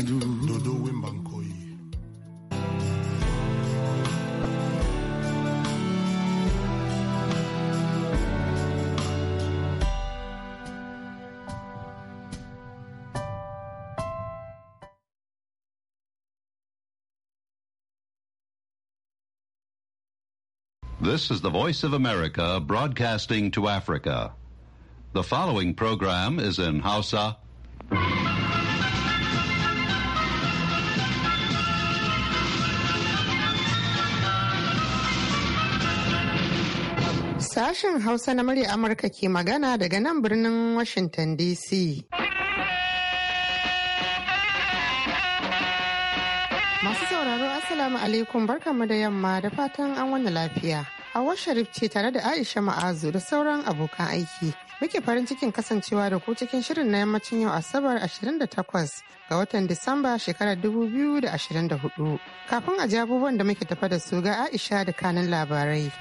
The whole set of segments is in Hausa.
dodo This is the Voice of America broadcasting to Africa. The following program is in Hausa. Sashen Hausa na murya Amurka ke magana daga nan birnin Washington DC. Masu sauraro Assalamu alaikum barkanmu da yamma da fatan an wani lafiya. Hawa Sharif ce tare da Aisha Ma'azu da sauran abokan aiki. Muke farin cikin kasancewa da ku cikin shirin na yammacin yau Asabar 28 ga watan Disamba shekarar 2024. Kafin a ji abubuwan da muke tafa da su ga Aisha da kanin labarai.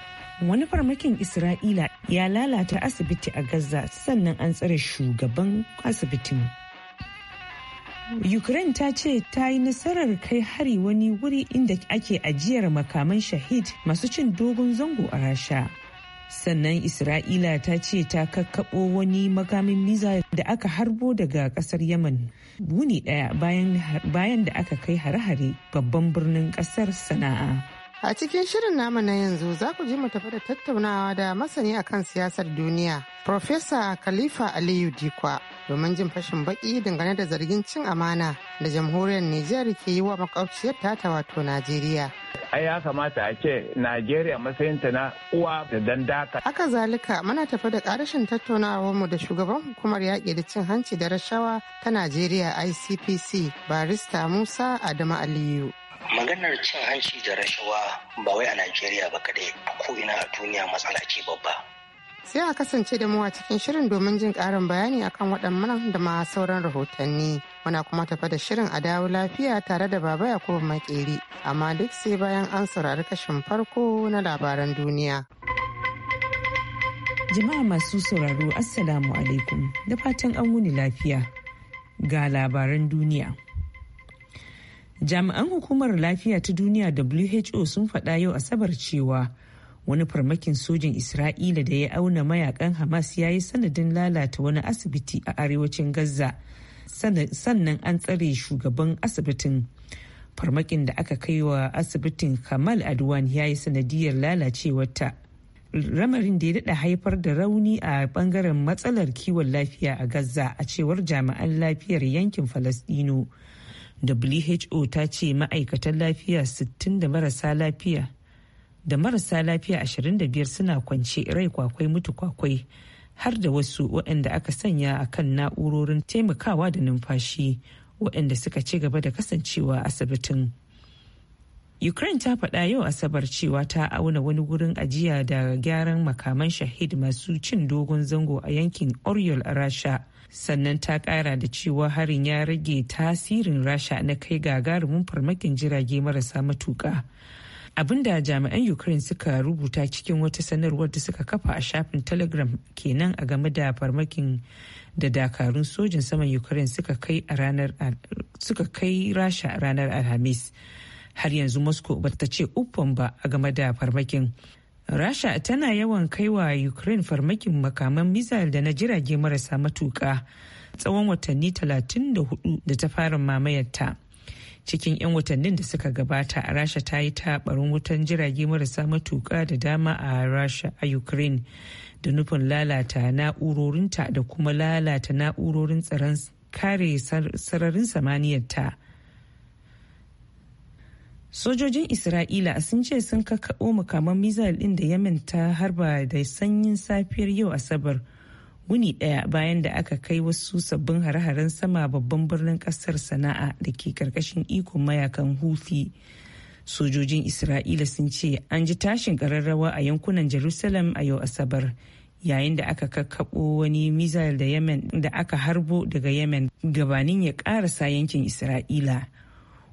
wani farmakin isra'ila ya lalata asibiti a gaza sannan an tsare shugaban asibitin ukraine ta ce ta yi nasarar kai hari wani wuri inda ake ajiyar makaman shahid masu cin dogon zango a rasha sannan isra'ila ta ce ta kakkaɓo wani makamin miza da aka harbo daga kasar yaman wuni daya bayan da aka kai hare-hare babban birnin kasar sana'a A cikin shirin namu na yanzu za ku ji mu tafi da tattaunawa da masani akan siyasar duniya, Profesa Khalifa Aliyu Dikwa, domin jin fashin baki dangane da zargin cin amana da jamhuriyar Nijar ke yi wa makwabciyar tata wato Najeriya. Ai ya kamata a ce Najeriya ta na uwa da dandaka. Haka zalika muna tafi da karashin tattaunawarmu da shugaban hukumar yaƙi da cin hanci da rashawa ta Najeriya ICPC, Barista Musa Adamu Aliyu. maganar cin hanci da rashawa ba wai a najeriya ba kadai ko ina a duniya matsala ce babba sai a kasance da mu a cikin shirin domin jin karin bayani akan waɗannan da ma sauran rahotanni muna kuma tafa da shirin a dawo lafiya tare da baba yakubu makeri amma duk sai bayan an saurari kashin farko na labaran duniya jama'a masu sauraro assalamu alaikum da fatan an wuni lafiya ga labaran duniya jami'an hukumar lafiya ta duniya who sun faɗa yau asabar cewa wani farmakin sojin isra'ila da ya auna mayakan hamas ya yi sanadin lalata wani asibiti a arewacin gaza sannan an tsare shugaban asibitin farmakin da aka kai wa asibitin kamal adwan ya yi sanadiyar lalacewarta ramarin da ya daɗa haifar da rauni a bangaren matsalar kiwon lafiya a gaza a cewar jami'an lafiyar yankin falasdino who ta ce ma'aikatan lafiya 60 da marasa lafiya da marasa lafiya 25 suna kwance rai kwakwai mutu kwakwai har da wasu waɗanda aka sanya a kan na'urorin taimakawa da numfashi waɗanda suka ci gaba da kasancewa asibitin. Ukraine ta faɗa yau Asabar cewa ta auna wani wurin ajiya da gyaran makaman shahid masu cin dogon zango a yankin Oriol a Rasha sannan ta kara da cewa harin ya rage tasirin rasha na kai gagarumin farmakin jirage marasa matuka abinda jami'an ukraine suka rubuta cikin wata sanarwar da suka kafa a shafin telegram kenan a game da farmakin da dakarun sojin saman ukraine suka kai rasha ranar alhamis har yanzu moscow ba ta ce uffan ba a game da farmakin rasha tana yawan kaiwa ukraine farmakin makaman misal da na jirage marasa matuka tsawon watanni 34 da ta fara mamayarta cikin 'yan watannin da suka gabata rasha ta yi taɓarin wutan jirage marasa matuka da dama a rasha a ukraine da nufin lalata na'urorinta da kuma lalata na'urorin tsaron kare sararin samaniyarta. sojojin isra'ila sun ce sun kakaɓo makaman mizal ɗin da yemen ta harba da sanyin safiyar yau asabar wuni ɗaya bayan da aka kai wasu sabbin hare-haren sama babban birnin ƙasar sana'a da ke ƙarƙashin ikon mayakan hufi sojojin isra'ila sun ce an ji tashin ƙararrawa a yankunan jerusalem a yau asabar yayin da aka kakkaɓo wani mizal da yamen da aka harbo daga yamen gabanin ya ƙarasa yankin isra'ila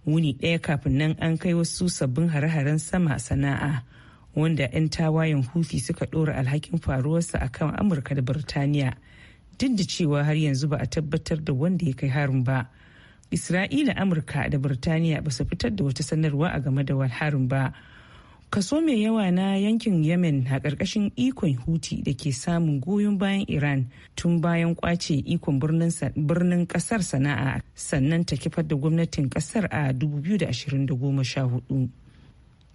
wuni ɗaya kafin nan an kai wasu sabbin hare-haren sama sana'a wanda 'yan tawayen hufi suka ɗora alhakin faruwarsa a kan amurka da birtaniya duk da cewa har yanzu ba a tabbatar da wanda ya kai harin ba isra'ila amurka da birtaniya ba su fitar da wata sanarwa a game da harin ba kaso mai yawa na yankin yemen a ƙarƙashin ikon huti da ke samun goyon bayan iran tun bayan kwace ikon birnin ƙasar sana'a sannan ta kifar da gwamnatin ƙasar a 2014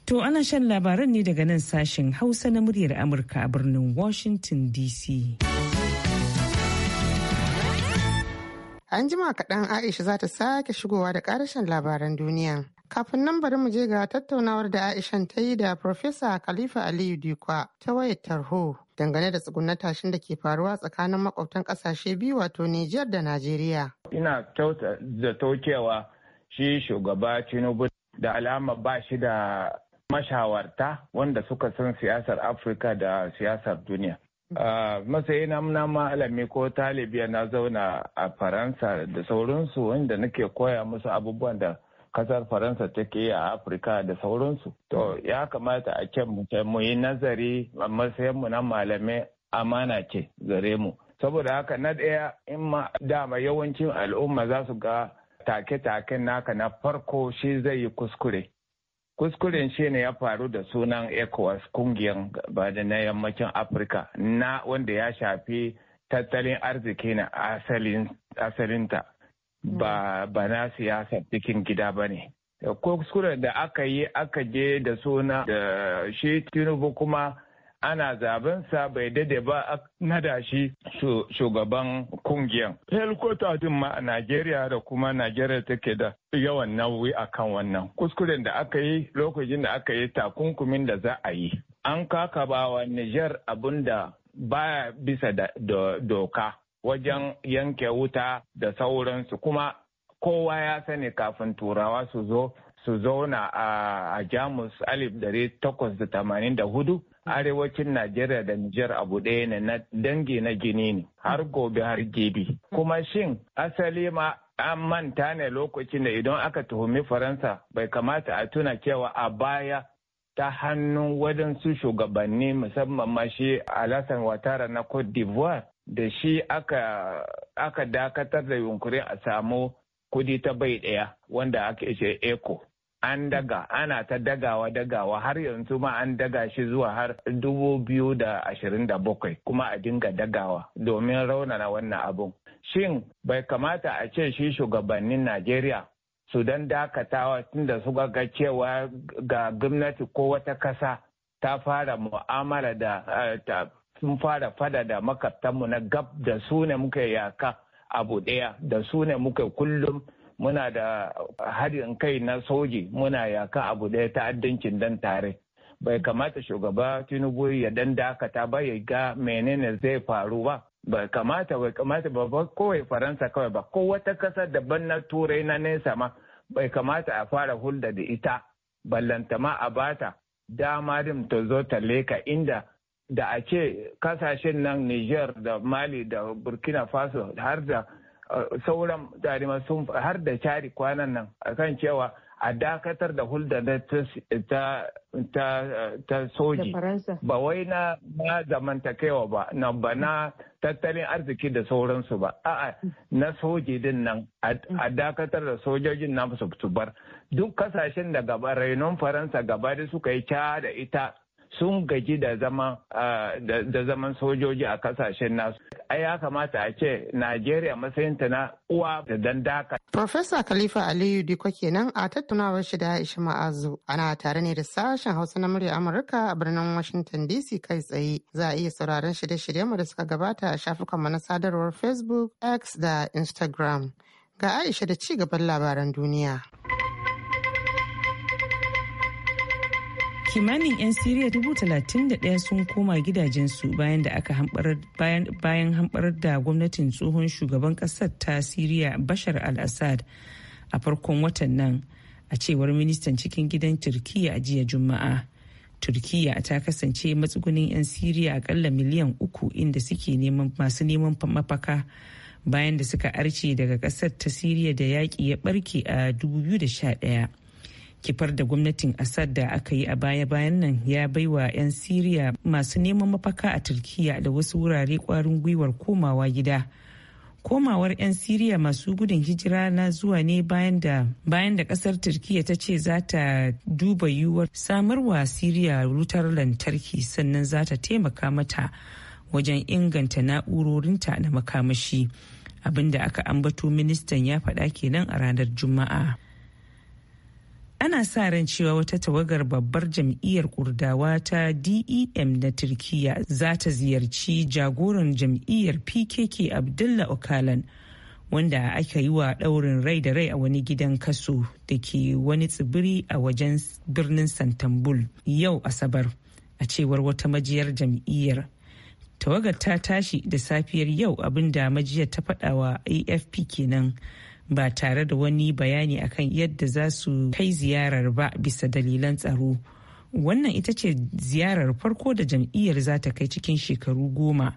to ana shan labaran ne daga nan sashen hausa na muryar amurka a birnin washington dc an jima kaɗan aisha za ta sake shigowa da ƙarashin labaran duniya Kafin nan bari mu je ga tattaunawar da Aishan ta yi da Profesa Khalifa Aliyu Dikwa ta wayar tarho dangane da tsugunan tashin da ke faruwa tsakanin makwabtan kasashe biyu wato Nijar da Najeriya. Ina da shi shugaba Tinubu da alama ba shi da mashawarta wanda suka san siyasar Afirka da siyasar duniya. matsayi na muna malami ko talibiya na zauna a faransa da sauransu wanda nake koya musu abubuwan da kasar faransa take a afirka da sauransu to mm. ya kamata a can mu yi nazari matsayin mu na malamai amana ce gare mu saboda haka na ɗaya in ma dama yawancin al'umma za su ga take-taken naka na farko shi zai yi kuskure kuskuren shi ne ya faru da sunan ecowas kungiyar ba da na yammacin afirka na wanda ya shafi tattalin arziki na asalinta ba hmm. ba na siyasar cikin gida ba ne ko kuskuren da aka yi aka je da suna da shi tinubu kuma ana sa bai dade ba nada shi shugaban kungiyan. Helikwata din ma a Najeriya da kuma Najeriya take da yawan nauyi a kan wannan. Kuskuren da aka yi lokacin da aka yi takunkumin da za a yi. An kaka kakabawa Nijar abin da baya bisa da doka. wajen yanke wuta da sauransu kuma kowa ya sani kafin turawa su zo su zauna a jamus alif da tamanin da hudu arewacin najeriya da nijar abu ɗaya ne na dangi na gini ne har gobe har gibi kuma shin asali ma an manta ne lokacin da idan aka tuhumi faransa bai kamata a tuna cewa a baya ta hannun wadansu shugabanni musamman ma shi alasan watara na cote d'ivoire da shi aka, aka dakatar da yunkurin a samu kudi ta bai ɗaya wanda ake ce eco an daga ana ta dagawa dagawa har yanzu ma an daga shi zuwa har dubu biyu da ashirin da bakwai kuma a dinga dagawa domin raunana wannan abun shin bai kamata a ce shi shugabannin najeriya su don dakatawa tunda suka ga cewa ga gwamnati ko wata kasa ta fara mu'amala da eh, sun fara fada da makaftanmu na gab da su ne muka yaka abu ɗaya da su ne muka kullum muna da haɗin kai na soji muna yaka abu ɗaya addincin dan tare bai kamata shugaba tinubu ya dan dakata ba ya ga menene zai faru ba bai kamata bai kamata ba kowai faransa kawai ba ko wata kasa daban na turai na nesa ma bai kamata a fara hulda da ita ballantama a bata dama ta zo ta leka inda da a ce kasashen nan niger da mali da burkina faso har da uh, sauran tarima sun har da cari kwanan nan akan cewa a dakatar da hulda ta soji ba wai na zamantakewa ba na ba na tattalin arziki da sauransu ba a'a na soji din nan a dakatar da sojojin na su bar duk kasashen da gaba rainon faransa gaba da suka yi ca da ita sun gaji da zaman da zaman sojoji a kasashen nasu ai ya kamata a ce najeriya ta na uwa da dandaka Profesa Khalifa Aliyu Diko kenan a tattaunawar shi da Aisha Ma'azu ana tare ne da sashen Hausa na murya Amurka a birnin Washington DC kai tsaye za a iya sauraron shirye-shiryen mu da suka gabata a shafukan mana sadarwar Facebook, X da Instagram. Ga Aisha da ci gaban labaran duniya. kimanin 'yan siriya ɗaya sun koma gidajensu bayan da aka bayan hamɓarar da gwamnatin tsohon shugaban ƙasar ta siriya bashar al-assad a farkon watan nan a cewar ministan cikin gidan turkiya a jiya juma'a turkiya ta kasance matsugunin 'yan siriya akalla miliyan uku inda suke masu neman mafaka bayan da suka arce daga ƙasar ta siriya da yaƙi ya ɓarke a 2011 kifar da gwamnatin assad da aka yi a baya-bayan nan ya baiwa 'yan siriya masu neman mafaka a turkiya da wasu wurare kwarin gwiwar komawa gida komawar 'yan siriya masu gudun hijira na zuwa ne bayan da bayan da kasar turkiya ta ce za ta duba yiwuwar samarwa siriya wutar lantarki sannan za ta taimaka mata wajen inganta na'urorinta na makamashi abinda aka ambato ministan ya faɗa kenan a ranar juma'a ana sa ran cewa wata tawagar babbar jam'iyyar kurdawa ta dem na turkiya za ta ziyarci jagoran jam'iyyar pkk abdullah okalan wanda aka yi wa daurin rai da rai a wani gidan kaso da ke wani tsibiri a wajen birnin santambul yau asabar a cewar wata majiyar jam'iyyar tawagar ta tashi da safiyar yau abinda majiyar ta faɗawa afp kenan ba tare da wani bayani akan yadda za su kai ziyarar ba bisa dalilan tsaro wannan ita ce ziyarar farko da jam'iyyar za ta kai cikin shekaru goma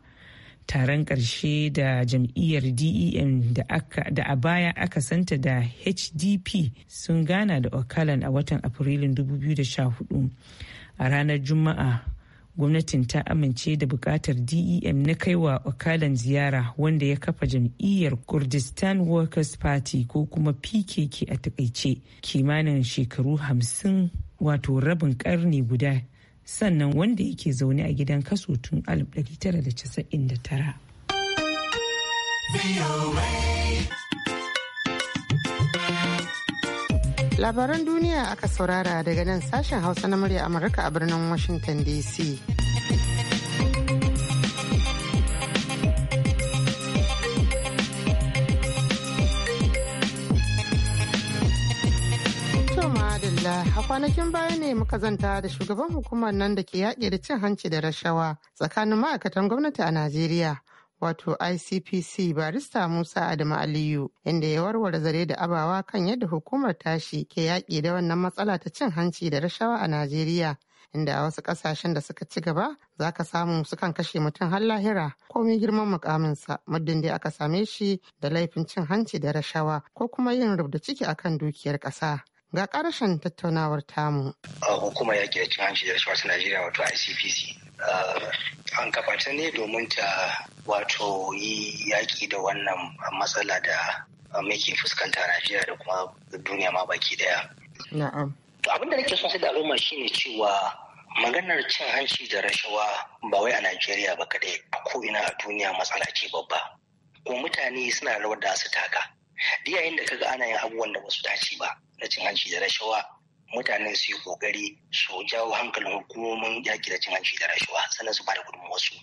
taron ƙarshe da jam'iyyar dem da a baya aka santa da hdp sun gana da okalan a watan afrilun 2014 a ranar juma'a gwamnatin ta amince da bukatar dem na kaiwa wakalan ziyara wanda ya kafa jam'iyyar kurdistan workers party ko kuma pkk a takaice kimanin shekaru hamsin wato rabin karni guda sannan wanda yake zaune a gidan kaso tun 1999 Labaran duniya aka saurara daga nan sashen Hausa na murya Amurka a birnin Washington DC. a kwanakin baya ne muka zanta da shugaban hukumar nan da ke yaƙi da cin hanci da rashawa tsakanin ma'aikatan gwamnati a Najeriya wato ICPC barista Musa Adamu Aliyu inda ya warware zare da abawa kan yadda hukumar tashi ke yaƙi da wannan matsala ta cin hanci da rashawa a Najeriya inda a wasu ƙasashen da suka ci gaba za ka samu sukan kashe mutum har lahira mai girman mukaminsa muddin dai aka same shi da laifin cin hanci da rashawa ko kuma yin rubda ciki akan dukiyar ƙasa. Ga ƙarshen tattaunawar tamu. Hukumar yaƙi da cin hanci da rashawa ta Najeriya wato ICPC. Eh, an kafa ta ne domin ta wato yi yaƙi da wannan matsala da muke fuskanta Najeriya da kuma duniya ma baki ɗaya? Na'am. Abin da nake son sai da al'umma shine cewa maganar cin hanci da rashawa ba wai a Najeriya ba kadai a ko'ina a duniya matsala ce babba. Kuma mutane suna rawar da su taka. Yayin da kaga ana yin abubuwan da su dace ba. na cin hanci da rashawa mutanen su yi kokari su jawo hankalin hukumomin yaki da cin hanci da rashawa sannan su bada gudunmawarsu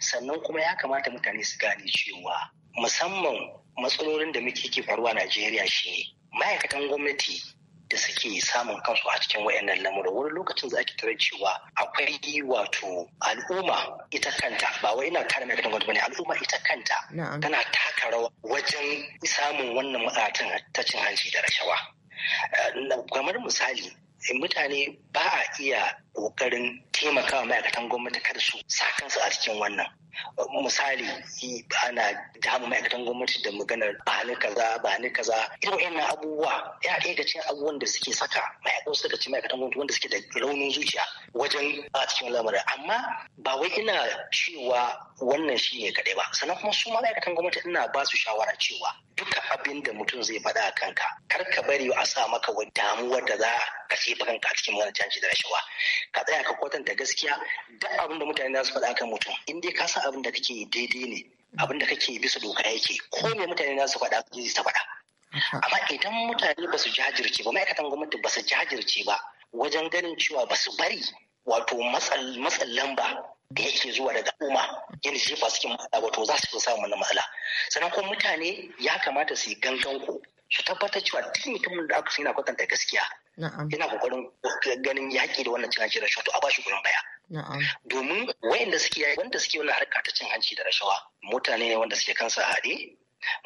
sannan kuma ya kamata mutane su gane cewa musamman matsalolin da muke ke faruwa a najeriya shi ma'aikatan gwamnati da suke samun kansu a cikin wayannan lamura wani lokacin za ki tarar cewa akwai wato al'umma ita kanta ba wai ina kare mai gwamnati bane al'umma ita kanta tana taka rawa wajen samun wannan matsatin ta cin hanci da rashawa Eh, kamar misali eh, mutane ba a iya kokarin taimakawa ma'aikatan gwamnati kada su sa kansu a cikin wannan misali ana damu ma'aikatan gwamnati da maganar ba ni kaza ba ni kaza irin wannan abubuwa ya ɗaya da cikin abubuwan da suke saka ma'aikatan suka ci ma'aikatan gwamnati wanda suke da raunin zuciya wajen a cikin lamarin amma ba wai ina cewa wannan shi ne kaɗai ba sannan kuma su ma'aikatan gwamnati ina ba su shawara cewa duka abin da mutum zai faɗa a kanka kar ka bari a sa maka wani damuwar da za ka jefa kanka a cikin wani canji da rashawa ka tsaya ka kwatanta gaskiya duk abin da mutane za su faɗa kan mutum in dai ka san abin da kake daidai ne abin da kake bisa doka yake ko me mutane za su faɗa zai ta faɗa amma idan mutane ba su jajirce ba ma'aikatan gwamnati ba su jajirce ba wajen ganin cewa ba su bari wato matsan lamba da yake zuwa daga umma. yana jefa su cikin matsala wato za su fi samun na matsala sannan kuma mutane ya kamata su yi gangan ku su tabbatar cewa duk mutumin da aka sani na kwatanta gaskiya yana kokarin ganin yaƙi da wannan cin hanci da rashawa to a bashi gurin baya domin wayanda suke wanda suke wannan harka ta cin hanci da rashawa mutane ne wanda suke kansa haɗe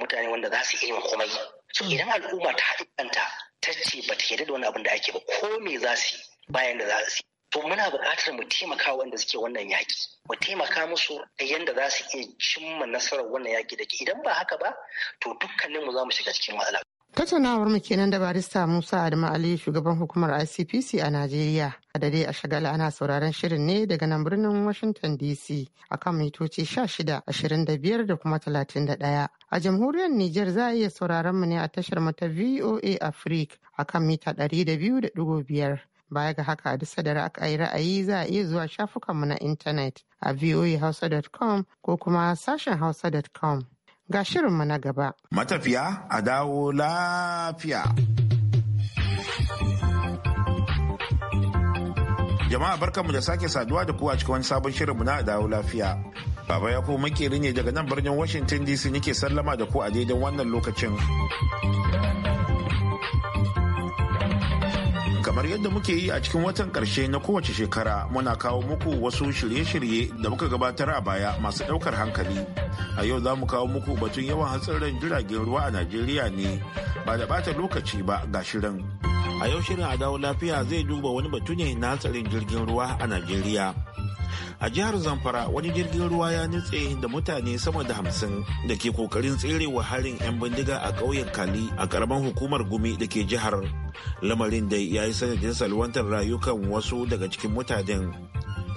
mutane wanda za su iya komai so mm. idan al'umma ta haɗu kanta ta ce ba ta yarda da wani abin da ake ba ko me za su bayan da za su to muna buƙatar mu taimaka wanda suke wannan yaƙi mu taimaka musu a yadda za su iya cimma nasarar wannan yaƙi da ke idan ba haka ba to dukkaninmu za mu shiga cikin matsala tattaunawar mu kenan da barista musa adamu ali shugaban hukumar icpc a najeriya da dai a shagala ana sauraron shirin ne daga nan birnin washington dc akan mitoci 16 25 da kuma 31 a jamhuriyar Nijar za a iya sauraron mu ne a tashar mata voa africa akan mita 200.5 baya ga haka a duk da aka ra'ayi za a iya zuwa shafukanmu na intanet a voahausa.com ko kuma sashen hausa.com Ga shirinmu na gaba. Matafiya a dawo lafiya. Jama'a barkanmu da sake saduwa da kowa cikin wani sabon shirinmu na dawo lafiya. Baba ya kuma makeri ne daga nan birnin Washington DC nake sallama da ku a daidan wannan lokacin. kamar yadda muke yi a cikin watan karshe na kowace shekara muna kawo muku wasu shirye-shirye da muka gabatar a baya masu daukar hankali a yau za mu kawo muku batun yawan hatsarin jiragen ruwa a najeriya ne ba da bata lokaci ba ga shirin a yau shirin a dawo lafiya zai duba wani batu ne na hatsarin jirgin ruwa a najeriya a jihar zamfara wani jirgin ruwa ya nutse da mutane sama da hamsin da ke kokarin tsere wa harin 'yan bindiga a ƙauyen kali a karamar hukumar gumi da ke jihar lamarin da ya yi sanadin salwantar rayukan wasu daga cikin mutanen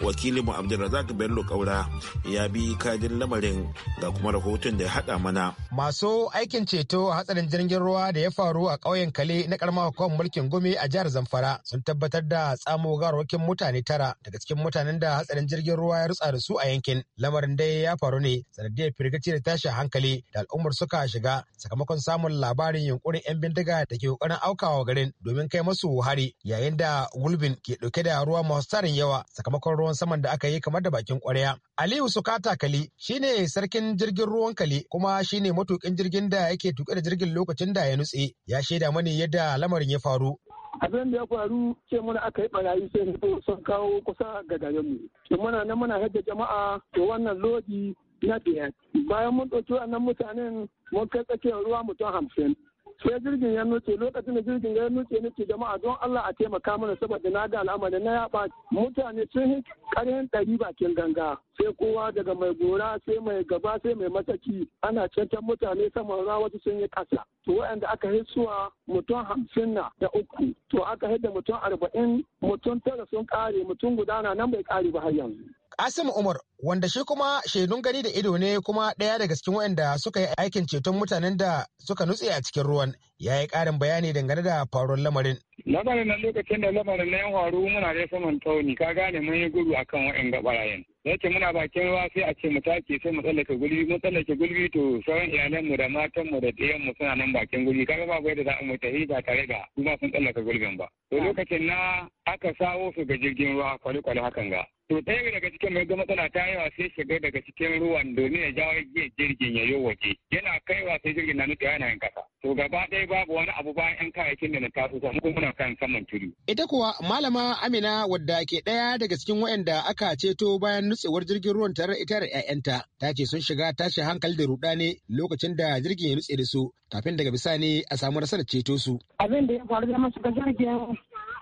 mu abdulrazak bello kaura ya bi kadin lamarin ga kuma rahoton da ya haɗa mana masu aikin ceto a hatsarin jirgin ruwa da ya faru a ƙauyen kale na karamar hukumar mulkin gumi a jihar zamfara sun tabbatar da tsamo garwakin mutane tara daga cikin mutanen da hatsarin jirgin ruwa ya rutsa da su a yankin lamarin dai ya faru ne sanadiyar firgici da tashin hankali da al'ummar suka shiga sakamakon samun labarin yunkurin 'yan bindiga da ke kokarin aukawa garin domin kai masu hari yayin da gulbin ke dauke da ruwa masu tarin yawa sakamakon ruwan ruwan saman da aka yi kamar da bakin kwarya. Aliyu Sukata Kali shine sarkin jirgin ruwan kale kuma shine matuƙin jirgin da yake tuƙe da jirgin lokacin da ya nutse. Ya shaida mani yadda lamarin ya faru. abin da ya faru ce mana aka yi barayi sai sun kawo kusa ga garinmu. Muna nan muna hajja jama'a to wannan lodi na biyar bayan mun ɗauki wannan mutanen mun kai tsakiyar ruwa mutum hamsin sai jirgin ya nuce lokacin da jirgin ya nuce ke jama'a don Allah a taimaka mana saboda na ga al'amarin na ya mutane sun yi ƙarfin ɗari bakin ganga sai kowa daga mai gora sai mai gaba sai mai mataki ana cancan mutane saman rawa wasu sun yi ƙasa to waɗanda aka suwa mutum hamsin na da uku to aka hidda mutum arba'in mutum tara sun kare mutum guda na nan bai ƙare ba har yanzu Kasim Umar wanda shi kuma shaidun gani da ido ne kuma ɗaya daga cikin waɗanda suka yi aikin ceton mutanen da suka nutse a cikin ruwan ya yi ƙarin bayani dangane da faruwar lamarin. Lamarin na lokacin da lamarin na yan faru muna dai saman tauni ka gane mun yi gudu akan wa'in gabarayen. Da yake muna bakin ruwa sai a ce mu take sai mu tsallake gulbi mu tsallake gulbi to sauran iyalanmu da matan mu da mu suna nan bakin gulbi kaga ba yadda za mu tafi ba tare da su ma sun tsallaka gulbin ba. To lokacin na aka sawo su ga jirgin ruwa kwale-kwale hakan ga. To ɗaya daga cikin mai matsala ta yawa sai shiga daga cikin ruwan domin ya jawo jirgin ya yi waje. Yana kaiwa sai jirgin na nufi yana yin kasa. To gaba ɗaya babu wani abu bayan 'yan kayayyakin da na taso samu muku muna kan saman tudu. Ita kuwa malama Amina wadda ke ɗaya daga cikin waɗanda aka ceto bayan nutsewar jirgin ruwan tare ita da 'ya'yanta ta ce sun shiga tashin hankali da rudani lokacin da jirgin ya nutse da su kafin daga bisani a samu rasar ceto su. Abin da ya faru da masu ga jirgin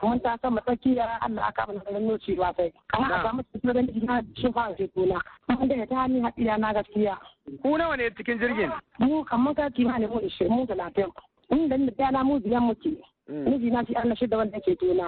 mun ta sama tsakiya Allah aka mana da nuci ba sai amma a samu cikin da jina shi fara ce tona mun da ta ni haɗiya na gaskiya ku nawa ne cikin jirgin mu kamar ka ne mu 20 mu 30 inda da na mu biyan muke miji mm. na shi arna shida wanda ke tona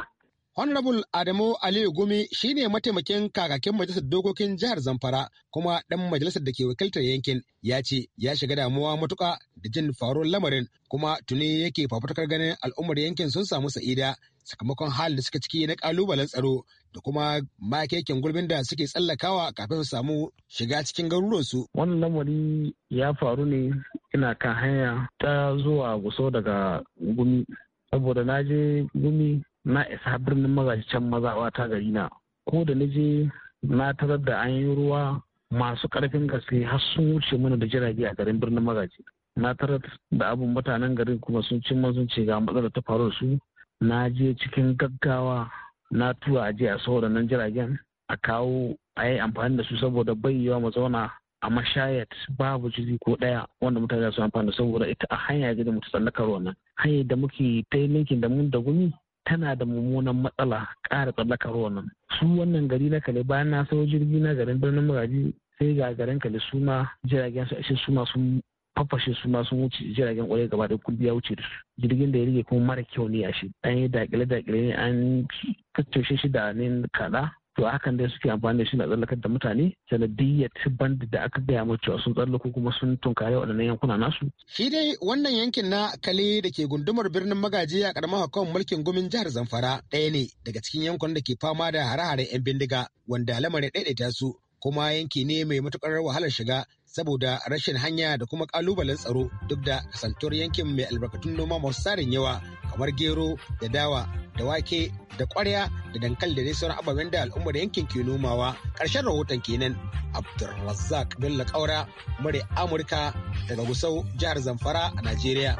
Honorable Adamu Aliyu Gumi shine mataimakin kakakin majalisar dokokin jihar Zamfara kuma ɗan majalisar da ke wakiltar yankin ya ce ya shiga damuwa matuka da jin faruwar lamarin kuma tuni yake fafutukar ganin al'ummar yankin sun samu sa'ida sakamakon halin da suka ciki na ƙalubalen tsaro da kuma makekin Gurbin da suke tsallakawa kafin su samu shiga cikin garuruwansu. Wannan lamari ya faru ne ina kan hanya ta zuwa guso daga gumi saboda na je gumi na isa birnin magaji can maza wata gari na ko da na je na tarar da an yi ruwa masu karfin gaske har sun wuce mana da jirage a garin birnin magaji na tarar da abin mutanen garin kuma sun cin sun ce ga matsalar ta faru su na je cikin gaggawa na tura a jiya da nan jiragen a kawo a yi amfani da su saboda bayyawa mu zauna a mashayat babu jiri ko daya wanda mutane su amfani saboda ita a hanya gida mutu tsallakar wannan hanyar da muke ta linkin da mun da gumi tana da mummunan matsala ƙara tsallakar wannan su wannan gari na kale bayan na sayo jirgi na garin birnin magaji sai ga garin kale su ma jiragen su ashe su sun fafashe su ma sun wuce jiragen kwarai gaba da kudi ya wuce da su jirgin da ya rige kuma mara kyau ne a shi an yi dakile dakile ne an kacce shi da ne kada to hakan dai suke amfani da shi na tsallakar da mutane sanadiyyar tibban da aka gaya mu cewa sun tsallako kuma sun tunkari waɗannan yankuna nasu. shi dai wannan yankin na kale da ke gundumar birnin magaji a karamar hukumar mulkin gumin jihar zamfara ɗaya ne daga cikin yankunan da ke fama da hare-haren 'yan bindiga wanda lamarin ɗaiɗaita su kuma yanki ne mai matuƙar wahalar shiga saboda rashin hanya da kuma kalubalen tsaro duk da kasantuwar yankin mai albarkatun noma masu tsarin yawa kamar gero da dawa da wake da kwarya da dankali da dai sauran ababen da al'ummar yankin ke nomawa ƙarshen rahoton kenan abdulrazak bello kaura mare amurka daga gusau jihar zamfara a najeriya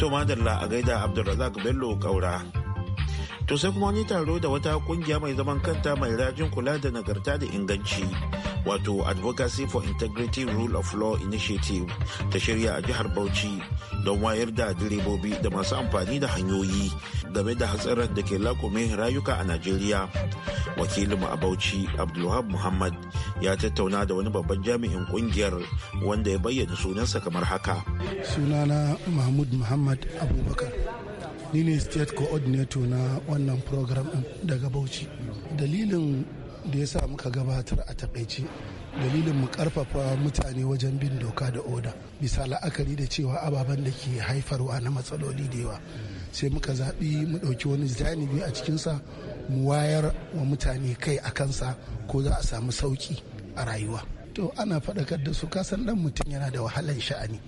to madalla a gaida abdulrazak bello kaura to sai kuma wani taro da wata kungiya mai zaman kanta mai rajin kula da nagarta da inganci wato advocacy for integrity rule of law initiative ta shirya a jihar bauchi don wayar da direbobi da masu amfani da hanyoyi game da hatsarin da ke lakume rayuka a najeriya Wakilin a bauchi abdulwahab muhammad ya tattauna da wani babban jami'in kungiyar wanda ya bayyana sunansa kamar haka sunana mahmud muhammad abubakar ni ne state coordinator na wannan program daga bauchi dalilin da ya sa muka gabatar a takaice dalilin mu karfafa mutane wajen bin doka da oda bisa la'akari da cewa ababen da ke haifarwa na matsaloli da yawa sai muka zaɓi mu ɗauki wani zanibi a cikinsa mu wayar wa mutane kai a kansa ko za a samu sauki a rayuwa to ana faɗakar da su kasan ɗan mutum yana da wahalan sha'ani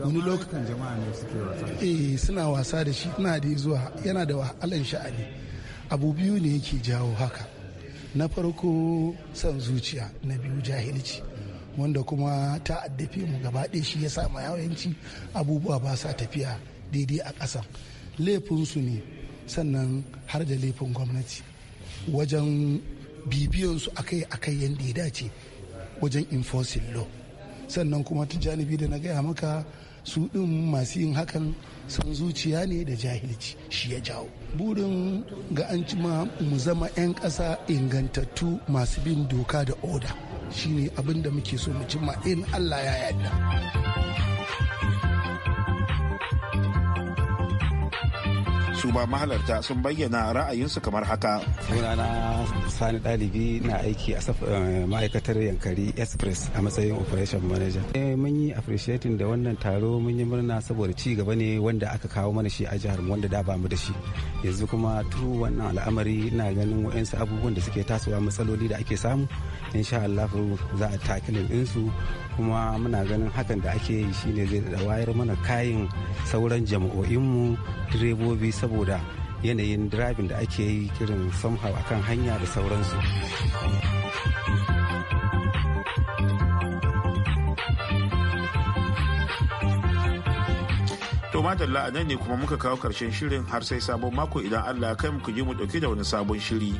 wani lokacin jama'a ne suke wasa eh suna wasa da shi suna da zuwa yana da wahalan sha'ani abu biyu ne yake jawo haka na farko san zuciya na biyu jahilci wanda kuma ta addafe mu gaba shi ya sa yawanci abubuwa ba sa tafiya daidai a ƙasa laifinsu ne sannan har da laifin gwamnati wajen bibiyansu akai akai yadda ya dace wajen enforcing law sannan kuma ta janibi da na gaya maka su ɗin masu yin hakan san zuciya ne da jahilci shi ya jawo burin ga an cima mu zama 'yan ƙasa ingantattu masu bin doka da oda shine abin da muke so mu cimma in allah ya yadda su ba mahalarta sun bayyana ra'ayinsu kamar haka. na Sani ɗalibi na aiki a eh, ma'aikatar Yankari Express a matsayin Operation Manager. Eh, mun yi appreciating da wannan taro mun yi murna saboda ci gaba ne wanda aka kawo mana shi a jihar mu wanda da ba mu da shi. Yanzu kuma turu wannan al'amari na ganin wa'ansu abubuwan da suke tasowa matsaloli da ake samu. Insha Allah za a takilin ɗinsu kuma muna ganin hakan da ake yi shine zai da wayar mana kayan sauran jama'o'inmu direbobi saboda saboda yanayin driving da ake yi kirin somehow akan hanya da sauransu To madalla a nan ne kuma muka kawo karshen shirin har sai sabon mako idan Allah kai muku ji mu dauki da wani sabon shiri.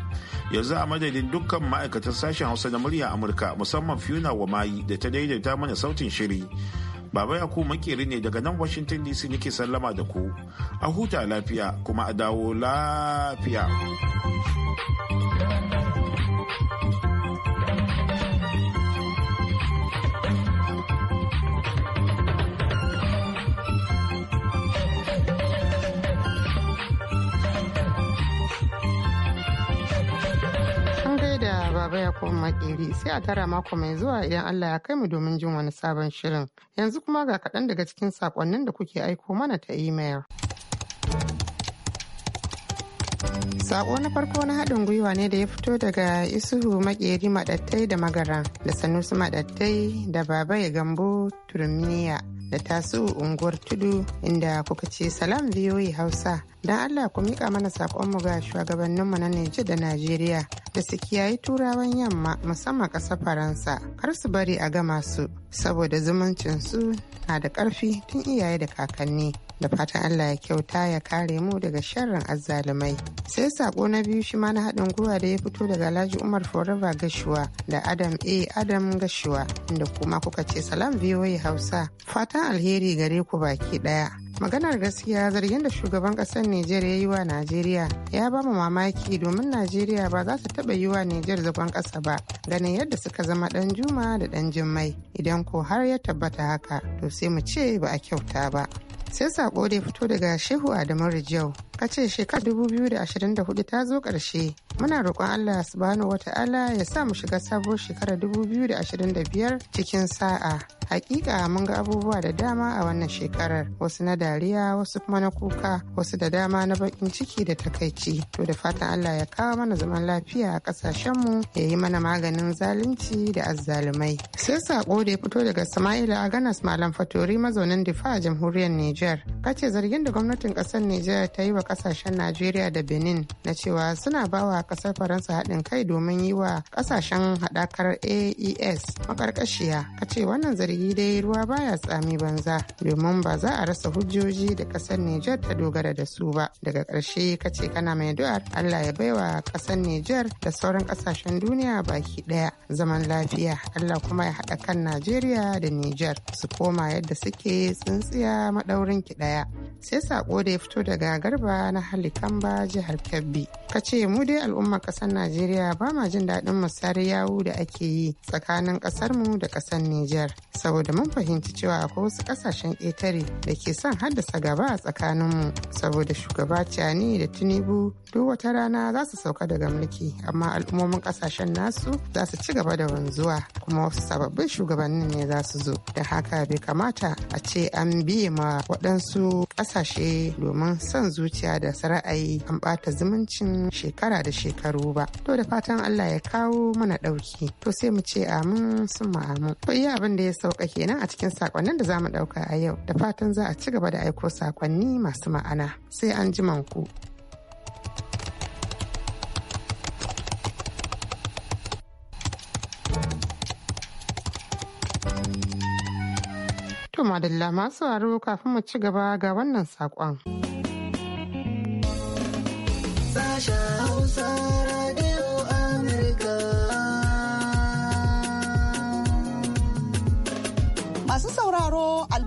Yanzu a madadin dukkan ma'aikatan sashen Hausa na murya Amurka musamman Fiona wa Mayi da ta daidaita mana sautin shiri. Baba Yakubu makeri ne daga nan Washington DC nake sallama da ku. A huta lafiya kuma a dawo lafiya. baba ya kuma makeri sai a tara mako mai zuwa idan Allah ya kai mu domin jin wani sabon shirin. Yanzu kuma ga kaɗan daga cikin sakonnin da kuke aiko mana ta imel. Sako na farko na haɗin gwiwa ne da ya fito daga Isuhu Makeri Maɗattai da Magara da Sanusu Maɗattai da Babai Gambo Turmiya da tasu unguwar tudu inda kuka ce salam biyoyi hausa don allah ku mika mana saƙonmu ga shugabanninmu na nijar da najeriya da su kiyayi turawan yamma musamman ƙasar faransa kar su bari a gama su saboda zumuncin su na da ƙarfi tun iyaye da kakanni da fatan Allah ya kyauta ya kare mu daga sharrin azzalumai. Sai sako na biyu shi ma na haɗin gwiwa da ya fito daga Alhaji Umar Forever Gashua da Adam A Adam Gashuwa inda kuma kuka ce salam VOA Hausa. Fatan alheri gare ku baki ɗaya. Maganar gaskiya zargin da shugaban ƙasar Nijar ya yi wa Najeriya ya ba mu mamaki domin Najeriya ba za ta taɓa yi wa Nijar zagon ƙasa ba ganin yadda suka zama ɗan juma da ɗan jimmai idan ko har ya tabbata haka to sai mu ce ba a kyauta ba. sai sako da ya fito daga shehu adamu rijau ka ce shekarar 2024 ta zo ƙarshe muna roƙon Allah subhanahu wata'ala ya sa mu shiga sabuwar shekarar 2025 cikin sa'a hakika mun ga abubuwa da dama a wannan shekarar wasu na dariya wasu kuma na kuka wasu da dama na bakin ciki da takaici to da fatan Allah ya kawo mana zaman lafiya a kasashen mu ya yi mana maganin zalunci da azzalumai sai sako da ya fito daga Sama'ila Aganas Malam Fatori mazaunin Difa a jamhuriyar Niger kace zargin da gwamnatin kasar Niger ta yi wa kasashen Najeriya da Benin na cewa suna bawa kasar faransa haɗin kai domin yi wa ƙasashen haɗakar aes makarkashiya a ce wannan zargi dai ruwa baya tsami banza domin ba za a rasa hujjoji da kasar niger ta dogara da su ba daga ƙarshe ka ce kana mai du'ar. allah ya baiwa kasar niger da sauran ƙasashen duniya baki ɗaya zaman lafiya allah kuma ya haɗa kan najeriya da niger su koma yadda suke tsintsiya maɗaurin ki ɗaya sai sako da ya fito daga garba na halikamba jihar kebbi ka ce mu dai al'umma kasar najeriya ba ma jin daɗin musayar yawu da ake yi tsakanin mu da ƙasar niger saboda mun fahimci cewa akwai wasu ƙasashen ƙetare da ke son haddasa gaba a tsakanin mu saboda shugaba ciyani da tinubu duk wata rana za su sauka daga mulki amma al'ummomin ƙasashen nasu za su ci gaba da wanzuwa kuma wasu sababbin shugabannin ne za su zo Da haka bai kamata a ce an biye ma waɗansu ƙasashe domin son zuciya da sara'ayi an ɓata zumuncin shekara da shekara shekaru ba to da fatan allah ya kawo mana ɗauki to sai mu ce amin sun amin to iya abin da ya sauka kenan a cikin sakonnin da za mu ɗauka a yau da fatan za a ci gaba da aiko sakonni masu ma'ana sai an ji ku. To madalla masu aro kafin mu ci gaba ga wannan sakon.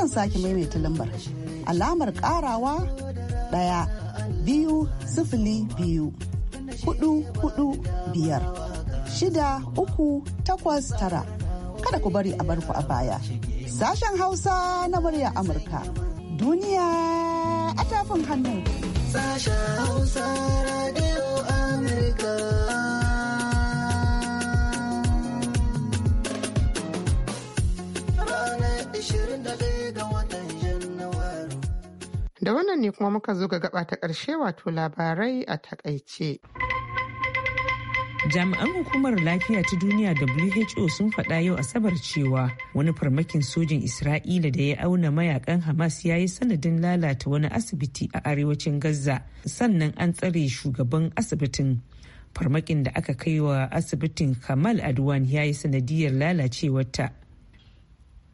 zan sake maimaita lambar alamar karawa ɗaya biyu sifili biyu hudu hudu biyar shida uku takwas tara kada ku bari a barku a baya sashen hausa na murya amurka duniya a tafin hannu sashen hausa radio Da wannan ne kuma muka zo ga gaba ta ƙarshe wato labarai a takaice. jami'an hukumar lafiya ta duniya who sun faɗa yau asabar cewa wani farmakin sojin isra'ila da ya auna mayakan hamas ya yi sanadin lalata wani asibiti a arewacin gaza sannan an tsare shugaban asibitin farmakin da aka kai wa asibitin kamal adwan ya yi sanadiyar lalacewarta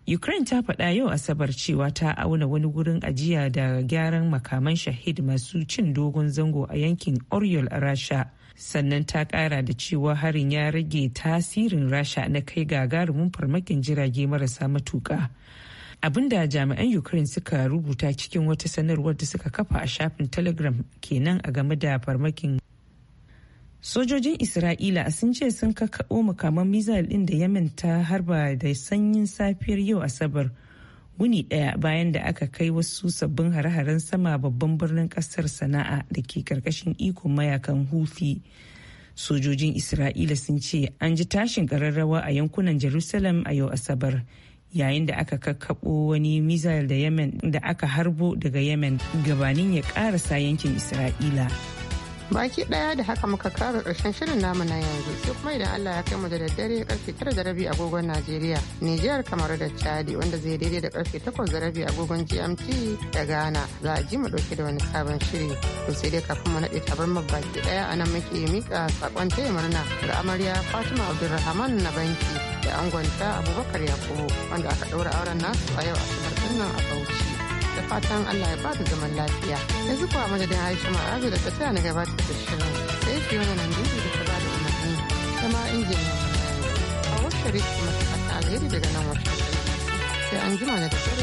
Ukraine ta faɗa yau Asabar cewa ta auna wani wurin ajiya da gyaran makaman shahid masu cin dogon zango a yankin Oriol a Rasha. Sannan ta ƙara da cewa harin ya rage tasirin Rasha na kai gagarumin farmakin jirage marasa matuƙa. da jami'an Ukraine suka rubuta cikin wata sanarwar da suka kafa a shafin Telegram kenan a game da farmakin sojojin isra'ila sun ce sun kakaɓo makaman mizal ɗin da yemen ta harba da sanyin safiyar yau asabar wuni ɗaya bayan da aka kai wasu sabbin hare-haren sama babban birnin ƙasar sana'a da ke ƙarƙashin ikon mayakan hufi sojojin isra'ila sun ce an ji tashin ƙararrawa a yankunan jerusalem a yau asabar yayin da aka kakkaɓo wani mizal da yemen da aka harbo daga yemen gabanin ya ƙarasa yankin isra'ila baki daya da haka muka kara karshen shirin namu na yanzu sai kuma idan Allah ya kai mu da daddare karfe 9 da rabi agogon Najeriya Nijar kamar da Chadi wanda zai daidai da karfe 8 da rabi agogon GMT da Ghana za a ji mu dauke da wani sabon shiri to sai dai kafin mu nade tabar mu baki daya anan muke mika sakon taya murna ga amarya Fatima Abdulrahman na banki da angonta Abubakar Yakubu wanda aka daura auren nasu a yau a nan a Bauchi fatan Allah ya bada zaman lafiya. Yanzu kuwa madadin Aisha Ma'azu da tafiya na gabata da shirin sai shi wani nan dubi da ta ba da umarni kama injiniya. A wasu shari'a kuma ta alheri daga nan wasu sai an jima na da